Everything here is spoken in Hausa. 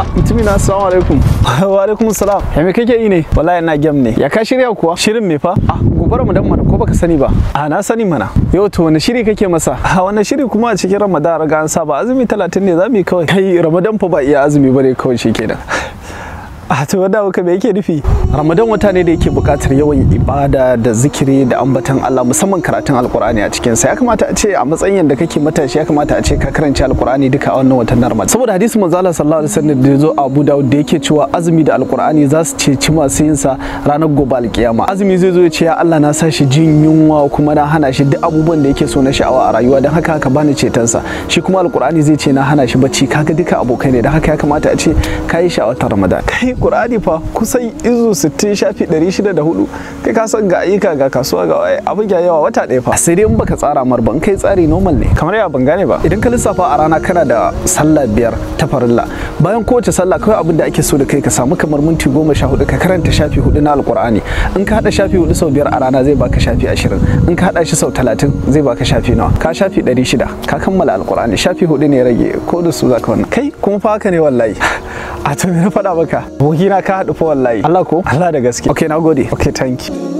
Ah, mutumi na assalamu alaikum wa alaikum salam ya me kake yi ne wallahi ina gem ne ya ka shirya kuwa shirin me fa a ah, gobara mu dan mana ko baka sani ba a ah, na sani mana yau to wani shiri kake masa a wani shiri kuma a cikin ramadan raga an saba azumi 30 ne zamu yi kawai kai ramadan fa ba iya azumi bane kawai shikenan a ah, to da haka me yake nufi ramadan wata ne da yake buƙatar yawan ibada da zikiri da ambatan Allah musamman karatun alkur'ani a cikin sa ya kamata a ce a matsayin da kake matashi ya kamata a ce ka karanci alkur'ani duka a wannan watan ramadan saboda hadisi manzo Allah sallallahu alaihi wasallam da zo Abu Dawud da yake cewa azumi da alkur'ani za su ceci masu yin sa ranar gobe alkiyama azumi zai zo ya ce ya Allah na sa shi jin yunwa kuma na hana shi duk abubuwan da yake so na sha'awa a rayuwa don haka ka bani ceton sa shi kuma alkur'ani zai ce na hana shi bacci kaga duka abokai ne dan haka ya kamata a ce ka sha'awar ramadan Kur'ani fa kusan izu 60 shafi 604 kai ka san ga ayyuka ga kasuwa ga waye abin ya yawa wata ɗaya fa sai dai in baka tsara mar ban kai tsari normal ne kamar ya ban gane ba idan ka lissafa a rana kana da sallah biyar ta farilla bayan kowace sallah kawai abin da ake so da kai ka samu kamar minti goma sha hudu ka karanta shafi hudu na alkur'ani in ka hada shafi hudu sau biyar a rana zai baka shafi ashirin in ka hada shi sau talatin zai baka shafi nawa ka shafi ɗari shida ka kammala alkur'ani shafi hudu ne rage ko da su zaka wannan kai kuma fa haka ne wallahi a to na faɗa maka bokina ka haɗu fa wallahi Allah ko Allah da gaske okay na gode okay thank you